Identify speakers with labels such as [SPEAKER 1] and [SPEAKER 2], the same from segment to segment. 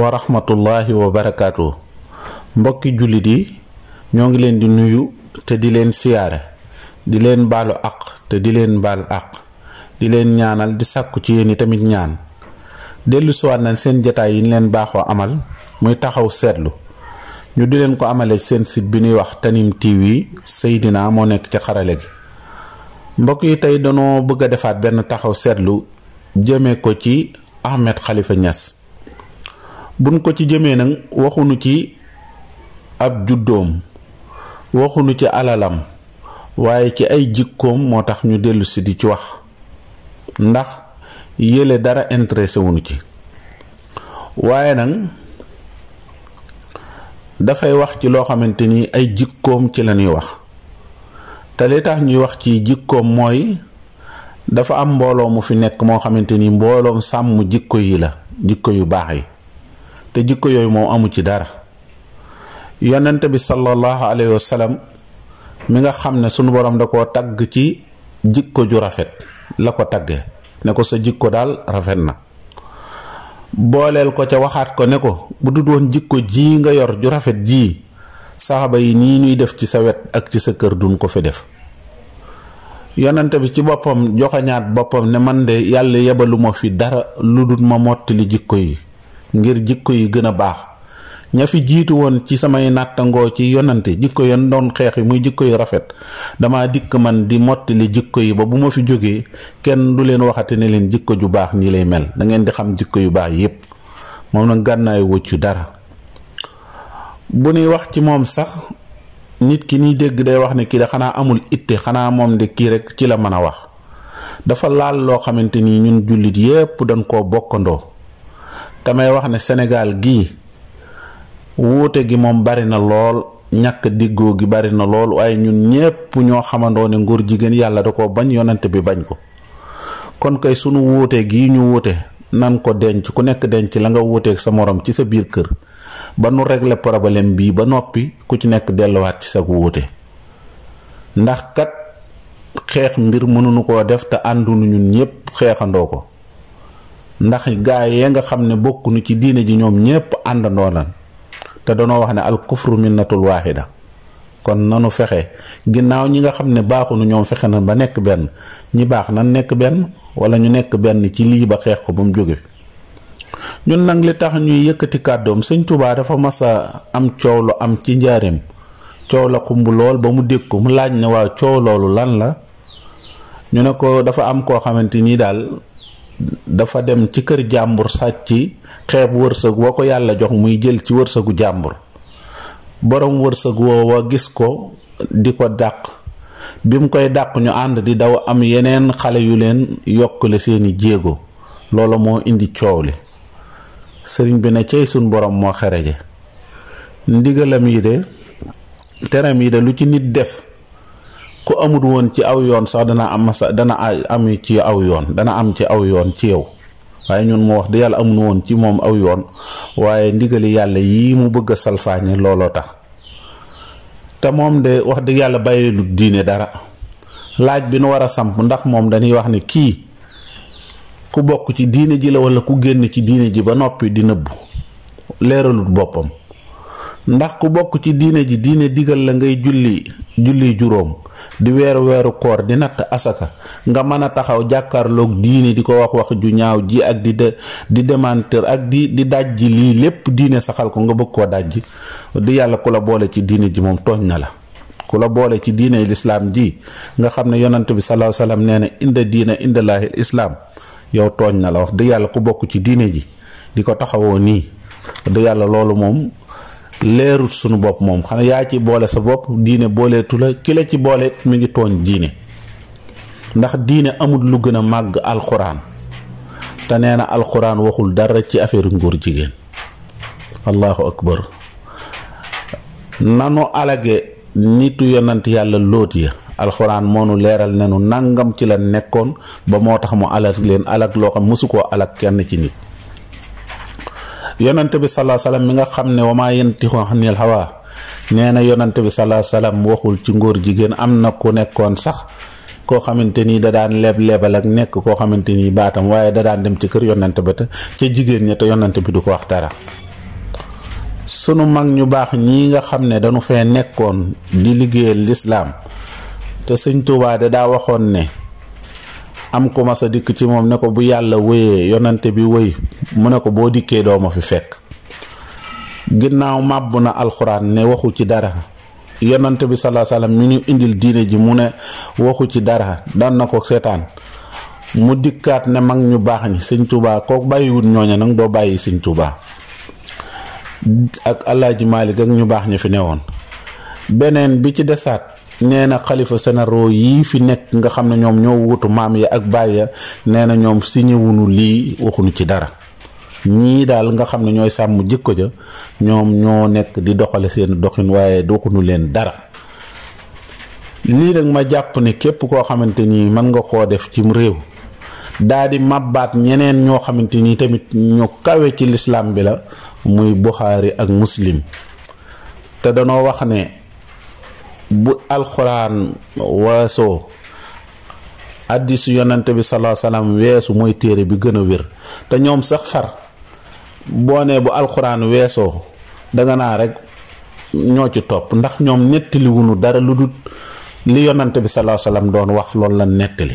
[SPEAKER 1] wa rahmatullahi wa barakaatu mbokki jullit yi ñoo ngi leen di nuyu te di leen siyaare di leen baalu àq te di leen baal àq di leen ñaanal di sàkku ci yéen i tamit ñaan dellu nañ seen jataay yi ñu leen baaxoo amal muy taxaw seetlu ñu di leen ko amale seen sit bi ñuy wax Tanime yi Seydina moo nekk ci xarale gi mbokk yi tey danoo bëgg a defaat benn taxaw seetlu jëmee ko ci Ahmed xalifa ñas buñ ko ci jëmee nag waxunu ci ab juddoom waxunu ci alalam waaye ci ay jikkoom moo tax ñu dellu si di ci wax ndax yële dara intéressé wuñu ci waaye nag dafay wax ci loo xamante ni ay jikkoom ci la ñuy wax te li tax ñuy wax ci jikkoom mooy dafa am mbooloo mu fi nekk moo xamante ni mbooloom sàmm jikko yi la jikko yu baax yi te jikko yooyu moom amu ci dara yonent bi sallallahu alayhi wa sallam mi nga xam ne sunu borom da koo tagg ci jikko ju rafet la ko tagge ne ko sa jikko daal rafet na booleel ko ca waxaat ko ne ko bu dut woon jikko ji nga yor ju rafet jii saaba yi nii ñuy def ci sa wet ak ci sa kër duñ ko fi def yonante bi ci boppam joxoñaat boppam ne man de yàlla yebaluma fi dara lu dut ma mottali jikko yi ngir jikko yi gën a baax ña fi jiitu woon ci samay nàttangoo ci yonante jikko yan doon xeex yi muy jikko yu rafet dama dikk man di mottali jikko yi ba bu ma fi jógee kenn du leen waxati ne leen jikko ju baax nii lay mel da ngeen di xam jikko yu baax yépp moom nag gànnaay wëccu dara bu ñuy wax ci moom sax nit ki ñuy dégg day wax ne kii da xanaa amul itte xanaa moom de kii rek ci la mën a wax dafa laal loo xamante nii ñun jullit yépp dan koo bokkandoo damay wax ne senegaal gii wuute gi moom bari na lool ñàkk diggoo gi bari na lool waaye ñun ñépp ñoo xamandoo ne nguur jigéen yàlla da ko bañ yonent bi bañ ko kon kay sunu wuute gii ñu wuute nan ko denc ku nekk denc la nga wuuteeg sa morom ci sa biir kër ba nu régler problème bii ba noppi ku ci nekk delluwaat ci sa wuute ndax kat xeex mbir mënuñu koo def te ànduñu ñun ñépp xeexandoo ko ndax gaa ya nga xam ne bokkuñu ci diine ji ñoom ñépp àndandoo lan te danoo wax ne al kufru minnatul waahida kon nanu fexe ginnaaw ñi nga xam ne baaxuñu ñoom fexe na ba nekk benn ñi baax na nekk benn wala ñu nekk benn ci lii ba xeex ko ba mu jóge ñun nag li tax ñuy yëkkati kàddoom sëñ Tuubaa dafa masa am coow lu am ci njaareem coow la xumb lool ba mu dégg ko mu laaj ne waaw coow loolu lan la ñu ne ko dafa am koo xamante nii daal dafa dem ci kër jàmbur sàcc xeeb wërsëg wa ko yàlla jox muy jël ci wërsëgu jàmbur borom wërsëg woowa gis ko di ko dàq bi mu koy dàq ñu ànd di daw am yeneen xale yu leen yokkule seeni jéego loolu moo indi coow li sëriñ bi ne cey suñ borom moo xereje ndigalam yi de teram yi de lu ci nit def ku amut woon ci aw yoon sax dana am masa dana am ci aw yoon dana am ci aw yoon ci yow waaye ñun moo wax de yàlla amul woon ci moom aw yoon waaye ndigali yàlla yii mu bëgg a salfaañe looloo tax te moom de wax dëgg yàlla bàyyilu diine dara laaj bi nu war a samp ndax moom dañuy wax ni kii ku bokk ci diine ji la walla ku génn ci diine ji ba noppi di nëbbu leeralut boppam ndax ku bokk ci diine ji diine digal la ngay julli julli juróom di weeru weeru koor di natt asaka nga mën a taxaw jàkkaarloog diine di ko wax wax ju ñaaw ji ak di de di démentir ak di di dajji lii lépp diine saxal ko nga bëgg koo daj di yàlla ku la boole ci diine ji moom tooñ na la ku la boole ci diine lislaam ji nga xam ne yonant bi sallallahu alayhi salaam nee na inda diina inda islaam yow tooñ na la wax di yàlla ku bokk ci diine ji di ko taxawoo nii di yàlla loolu moom leerut sunu bopp moom xanaa yaa ci boole sa bopp diine booleetu la ki la ci boole mi ngi tooñ diine ndax diine amul lu gën a màgg alxuraan te nee na alxuraan waxul dara ci affaire ngóor jigéen allahu akbar nanu alage nitu yonant yàlla lóot ya alxuraan moo nu leeral ne nu nangam ci la nekkoon ba moo tax mu alag leen alag loo xam mësu koo alag kenn ci nit yonante bi salaa salaam mi nga xam ne wamaa yentixu anil hawa nee na yonante bi salaa salaam waxul ci ngóor jigéen am na ku nekkoon sax koo xamante nii da daan leb lebal ak nekk koo xamante nii baatam waaye da daan dem ci kër yonante ba te ca jigéen ña te yonante bi du ko wax dara sunu mag ñu baax ñi nga xam ne dañu fee nekkoon di liggéeyal lislaam te sëñ Tuubaa da daa waxoon ne am ku mas a dikk ci moom ne ko bu yàlla wéyee yonante bi wéy mu ne ko boo dikkee doo ma fi fekk ginnaaw màbb na alxuraan ne waxu ci dara yonante bi salaa salaam nu ñu indil diine ji mu ne waxu ci dara daan na ko seetaan mu dikkaat ne mag ñu baax ñi sëñ Tuubaa kooku bàyyiwut ñooña nag doo bàyyi sëñ Tuubaa ak Alaaji Maalik ak ñu baax ñi fi newoon beneen bi ci desaat nee na xalifa sénéraux yii fi nekk nga xam ne ñoom ñoo wutu maam yi ak baay ya nee na ñoom signé wunu lii waxuñu ci dara ñii daal nga xam ne ñooy sàmm jikko ja ñoom ñoo nekk di doxale seen doxin waaye waxuñu leen dara lii nag ma jàpp ne képp koo xamante nii mën nga koo def cim réew daa di màbbaat ñeneen ñoo xamante nii tamit ñu kawe ci lislaam bi la muy buxaari ak muslim te danoo wax ne bu alxuraan weesoo addisu yonante bi salaa salaam weesu mooy téere bi gën a wér te ñoom sax far boo nee bu alxuraan weesoo danga naa rekk ñoo ci topp ndax ñoom nettali wunu dara lu dul li yonante bi salaa salaam doon wax loolu la nettali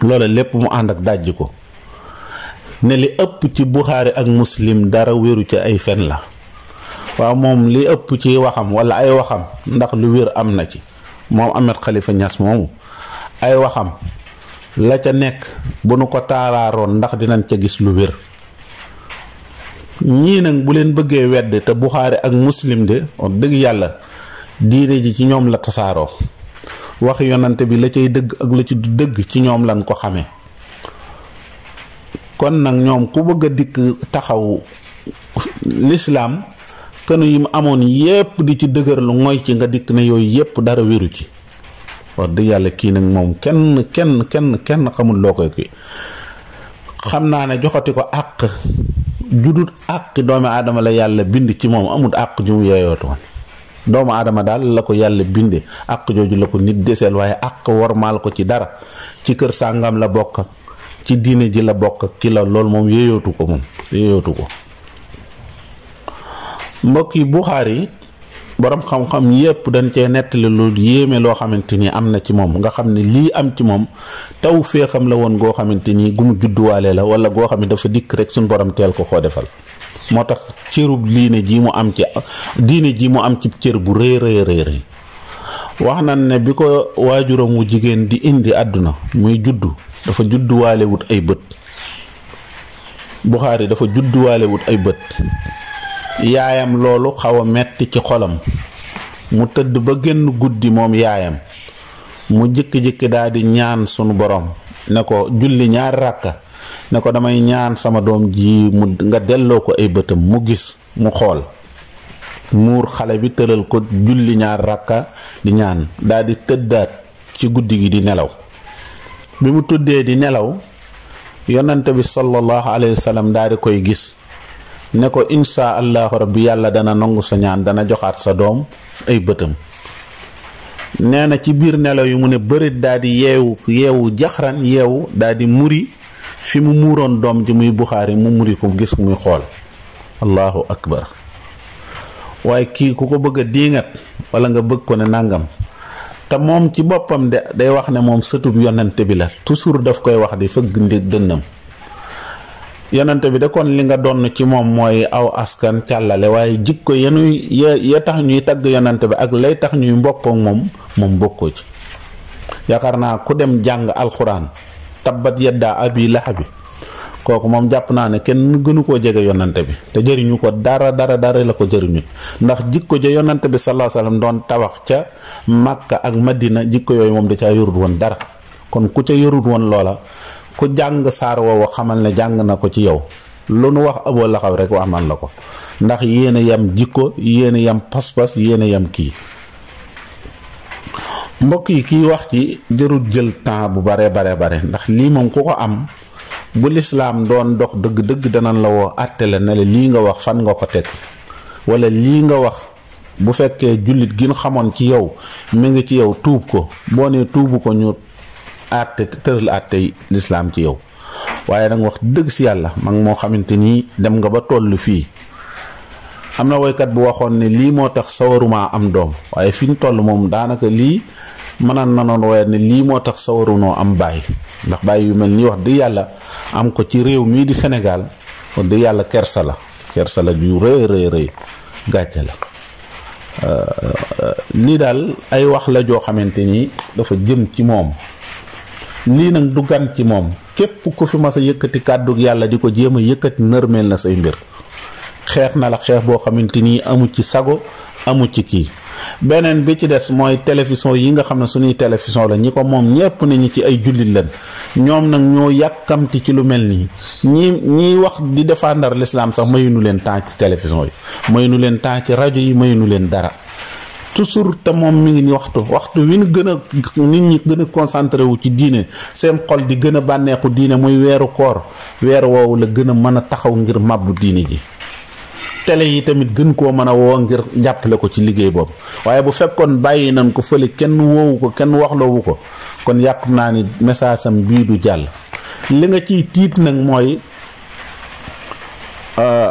[SPEAKER 1] loola lépp mu ànd ak dàjj ko ne li ëpp ci buxaari ak muslim dara wéru ci ay fen la waaw moom li ëpp ci waxam wala ay waxam ndax lu wér am na ci moom Ahmed xalifa Niass moomu ay waxam la ca nekk bu nu ko taaraaroon ndax dinañ ca gis lu wér ñii nag bu leen bëggee wedd te Buxaari ak Muslim de dëgg yàlla diine ji ci ñoom la tasaaroo wax yonante bi la cay dëgg ak la ci du dëgg ci ñoom lañ ko xamee kon nag ñoom ku bëgg a dikk taxawu lislaam kën yi mu amoon yépp di ci dëgër lu ngoy ci nga dikk ne yooyu yépp dara wéru ci wax dëgg yàlla kii nag moom kenn kenn kenn kenn xamul loo ko kii xam naa ne joxati ko àq judut àq doomu aadama la yàlla bind ci moom amul àq ju yeeyootoon doomu aadama daal la ko yàlla binde àq jooju la ko nit deseel waaye àq wormaal ko ci dara ci kër sàngam la bokk ci diine ji la bokk ki la loolu moom yeeyootu ko moom yeeyootu ko mbokk yi Buxaari borom xam-xam yépp dañ cee nettali lu yéeme loo xamante ni am na ci moom nga xam ne lii am ci moom taw féexam la woon goo xamante ni gu mu judduwaale la wala goo xam ne dafa dikk rek suñ borom teel ko koo defal moo tax cërub diine ji mu am ci diine ji mu am ci cër bu rëy rëy rëy wax na ne bi ko waajuramu jigéen di indi àdduna muy juddu dafa judduwaale wut ay bët Buxaari dafa judduwaale wut ay bët yaayam loolu xaw a metti ci xolam mu tëdd ba génn guddi moom yaayam mu jëkki-jëkki daal di ñaan sunu boroom ne ko julli ñaar ràkka ne ko damay ñaan sama doom ji mu nga delloo ko ay bëtam mu gis mu xool muur xale bi tëral ko julli ñaar ràkka di ñaan daldi di tëddaat ci guddi gi di nelaw bi mu tuddee di nelaw yonante bi sallallahu alayhi wa sallam daal koy gis ne ko insa allahu rabbi yàlla dana nangu sa ñaan dana joxaat sa doom ay bëtam nee na ci biir nelaw yi mu ne bërit daal yeewu yeewu jaxran yeewu daal muri fi mu muuroon doom ji muy buxaari mu muri ko gis muy xool allahu akbar waaye kii ku ko bëgg a diingat wala nga bëgg ko ne nàngam te moom ci boppam de day wax ne moom sëtub yonent bi la toujours daf koy wax di fëgg ndi dënnam yonente bi de kon li nga doon ci moom mooy aw askan càllale waaye jikko yenuy ya ya tax ñuy tagg yonente bi ak lay tax ñuy mbokkook moom moom bokkoo ci yaakaar naa ku dem jàng alxuraan tabbat yaddaa abi lahabi kooku moom jàpp naa ne kenn gënu koo jege yonante bi te jëriñu ko dara dara dara la ko jëriñu ndax jikko ja yonante bi sallallahu doon tabax ca Makka ak Madina jikko yooyu moom da caa yorut woon dara kon ku ca yorut woon loola ku jàng saar woowu xamal na jàng na ko ci yow lu nu wax aboo laxaw rek wax nan la ko ndax yéen yam jikko yéen yam pas-pas yéen a yam kii mbokk yi kiy wax ci jërul jël temps bu bare bare bare ndax lii moom ku ko am bu lislaam doon dox dëgg-dëgg danañ la woo àtte la lii nga wax fan nga ko teg walla lii nga wax bu fekkee jullit gin xamoon ci yow mi ngi ci yow tuub ko boo nee tuubu ko ñu àtte tëral tey lislaam ci yow waaye nag wax dëgg si yàlla mag moo xamante nii dem nga ba toll fii am na woykat bu waxoon ne lii moo tax sawarumaa am doom waaye fi ñu toll moom daanaka lii mënaan na noon waaye ne lii moo tax sawarunoo am bàyyi ndax bàyyi yu mel nii wax dëgg yàlla am ko ci réew mii di senegaal wax dëgg yàlla kersa la kersa la ju rëy rëy rëy la euh, euh, lii daal ay wax la joo xamante nii dafa jëm ci moom lii nag du gan ci moom képp ku fi mas a yëkkati kàddu yàlla di ko jéem a yëkkati nërmeel na say mbir xeex na la xeex boo xamante ni amu ci sago amu ci kii beneen bi ci des mooy télévision yi nga xam ne suñuy télévision la ñi ko moom ñépp ne ñu ci ay jullit lañ ñoom nag ñoo yàkkamti ci lu mel nii ñi ñiy wax di défendre lislaam sax mayuñu leen temps ci télévision yi mayuñu leen temps ci rajo yi mayuñu leen dara toujours te moom mi ngi ni waxtu waxtu wi ñu gën a nit ñi gën a concentré wu ci diine seen xol di gën a bànneexu diine muy weeru koor weer woowu la gën a mën a taxaw ngir màbbu diine ji tele yi tamit gën koo mën a woo ngir jàppale ko ci liggéey boobu waaye bu fekkoon bàyyi nañ ko fële kenn woowu ko kenn waxloowu ko kon yàq naa ni message am bii du jàll li nga ciy tiit nag mooy euh,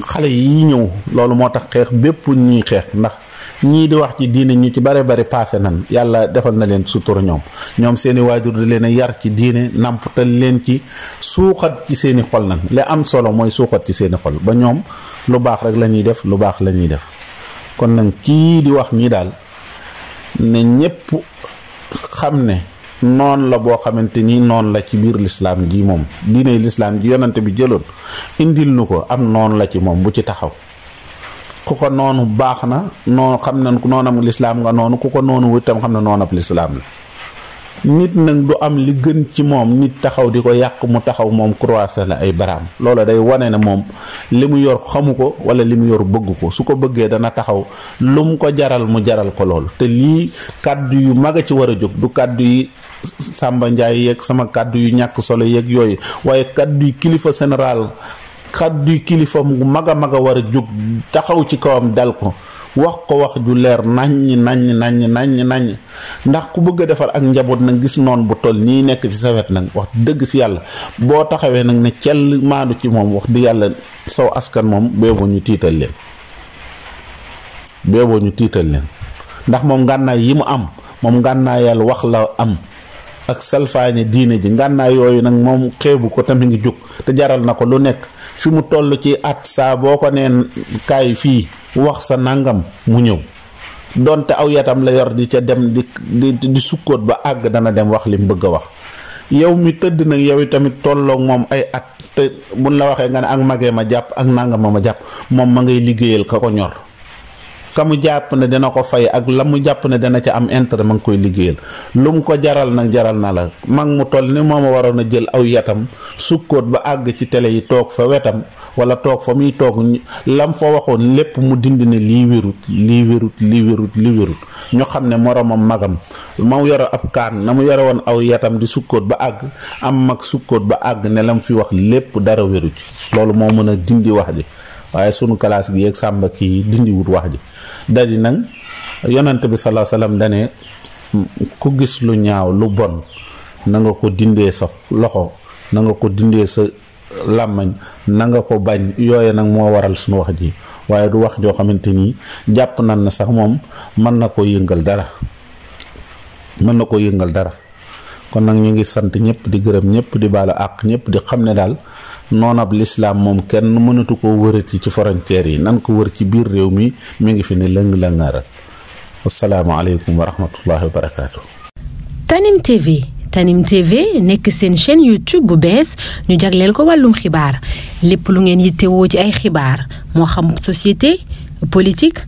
[SPEAKER 1] xale yi ñëw loolu moo tax xeex bépp ñuy xeex ndax ñii di wax ci diine ñu ci bare bari paase nan yàlla defal na leen sutura ñoom ñoom seeni waajur di leen yar ci diine nàmpatal leen ci suuxat ci seeni xol nan li am solo mooy suuxat ci seeni xol ba ñoom lu baax rek lañuy def lu baax lañuy def kon nag kii di wax ñi daal ne ñépp xam ne noon la boo xamante ni noon la ci biir lislaam ji moom diine lislaam ji yonante bi jëloon indil nu ko am noon la ci moom bu ci taxaw ku ko noonu baax na noonu xam na noonam lislaam nga noonu ku ko noonu witam xam ne noon noonab lislaam la nit nag du am li gën ci moom nit taxaw di ko yàq mu taxaw moom croiser la ay baraam loola day wane ne moom li mu yor xamu ko wala li mu yor bëgg ko su ko bëggee dana taxaw lu mu ko jaral mu jaral ko loolu te lii kàddu yu mag a ci war a jóg du kàddu yi Samba Ndiaye yeeg sama kàddu yu ñàkk solo yeeg yooyu waaye kàddu yu kilifa général xaddu kilifam gu mag a mag a war a jóg taxaw ci kawam dal ko wax ko wax ju leer nañ naññ nañ naññ naññ ndax ku bëgg a defar ak njaboot nag gis noon bu toll ñii nekk ci sawet wet nag wax dëgg si yàlla boo taxawee nag ne cell maandu ci moom wax di yàlla soow askan moom beeboo ñu tiital leen beeboo tiital leen ndax moom ngànnaay yi mu am moom ngànnaay yàlla wax la am ak salfaañe diine ji ngànnaay yooyu nag moom xeebu ko tamit ngi jóg te jaral na ko lu nekk fi mu toll ci at saa boo ko nee kaay fii wax sa nangam mu ñëw donte aw yatam la yor di ca dem di di sukkóot ba àgg dana dem wax li mu bëgg a wax yow mi tëdd nag yow tamit tollook moom ay at te mun la waxee nga ne ak magee ma jàpp ak nangam ma jàpp moom ma ngay liggéeyal ka ko ñor ka mu jàpp ne dina ko fay ak la mu jàpp ne dana ca am intérêt ma nga koy liggéeyal lu mu ko jaral nag jaral na la mag mu toll ni moom a waroon a jël aw yatam sukkoot ba àgg ci télé yi toog fa wetam wala toog fa muy toog lam fa waxoon lépp mu dindi ne lii wérut lii wérut lii wérut lii xam ne moromam magam ma yore ab kaan na mu yore woon aw yatam di sukkoot ba àgg am mag sukkoot ba àgg ne mu fi wax lépp dara wéru ci loolu moo mën a dindi wax ji waaye sunu kalaas gi yeeg sàmba kii dindiwut wax ji daji nañ yonent bi salaa salaam dane ku gis lu ñaaw lu bon nanga ko dindee sa loxo na nga ko dindee sa làmmañ nanga ko bañ yooye nag moo waral suñu wax ji waaye du wax joo xamante nii jàpp nañ na sax moom mën na ko yëngal dara mën na ko yëngal dara kon nag ñu ngi sant ñëpp di gërëm ñëpp di baalu àq ñépp di xam ne daal noonab lislaam moom kenn mënatu koo wërati ci frontières yi nan ko wër ci biir réew mi mu ngi fi ne lëng-lëngaara asalaamaaleykum wa rahmatullahi wa barakaatu.
[SPEAKER 2] Tanim TV Tanim TV nekk seen chaîne YouTube bu bees ñu jagleel ko wàllum xibaar lépp lu ngeen yittewoo ci ay xibaar moo xam société politique